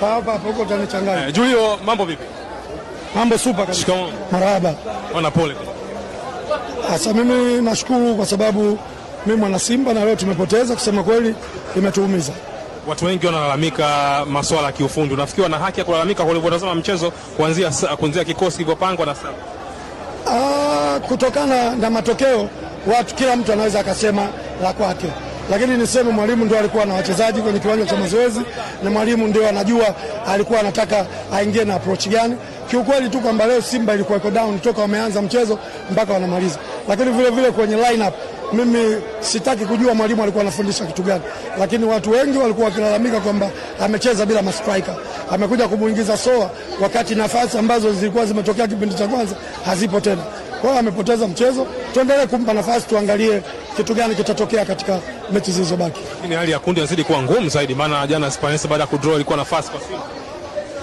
Hapa hapo huko utanichanganya. Eh, Julio, mambo vipi? Mambo super kabisa. Shikamoo. Marhaba. Ona pole. Sasa mimi nashukuru kwa sababu mimi mwana Simba na leo tumepoteza, kusema kweli imetuumiza. Watu wengi wanalalamika masuala ya kiufundi, unafikiri wana haki ya kulalamika kwa ulivyotazama mchezo kuanzia kuanzia kikosi kilivyopangwa na sasa? Ah, kutokana na matokeo watu, kila mtu anaweza akasema la kwake lakini niseme mwalimu ndio alikuwa na wachezaji kwenye kiwanja cha mazoezi, na mwalimu ndio anajua alikuwa anataka aingie na approach gani. Kiukweli tu kwamba leo Simba ilikuwa iko down toka wameanza mchezo mpaka wanamaliza, lakini vile vile kwenye lineup mimi sitaki kujua mwalimu alikuwa anafundisha kitu gani, lakini watu wengi walikuwa wakilalamika kwamba amecheza bila mastrika, amekuja kumuingiza Soa wakati nafasi ambazo zilikuwa zimetokea kipindi cha kwanza hazipo tena. Kwa hiyo amepoteza mchezo, tuendelee kumpa nafasi, tuangalie kitu gani kitatokea katika mechi zilizobaki. Lakini hali ya kundi inazidi kuwa ngumu zaidi, maana jana Esperance baada ya kudraw ilikuwa nafasi kwa Simba.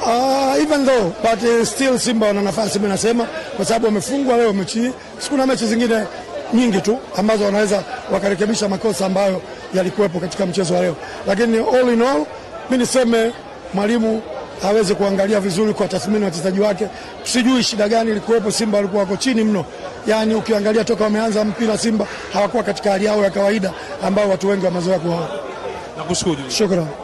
Uh, even though but uh, still Simba wana nafasi, mimi nasema kwa sababu wamefungwa leo mechi hii, sikuna mechi zingine nyingi tu ambazo wanaweza wakarekebisha makosa ambayo yalikuwepo katika mchezo wa leo, lakini all in all, mimi niseme mwalimu aweze kuangalia vizuri kwa tathmini wachezaji wake. Sijui shida gani ilikuwepo, Simba walikuwa wako chini mno. Yani ukiangalia toka wameanza mpira Simba hawakuwa katika hali yao ya kawaida ambayo watu wengi wamezoea kuwaona. Nakushukuru. Shukrani.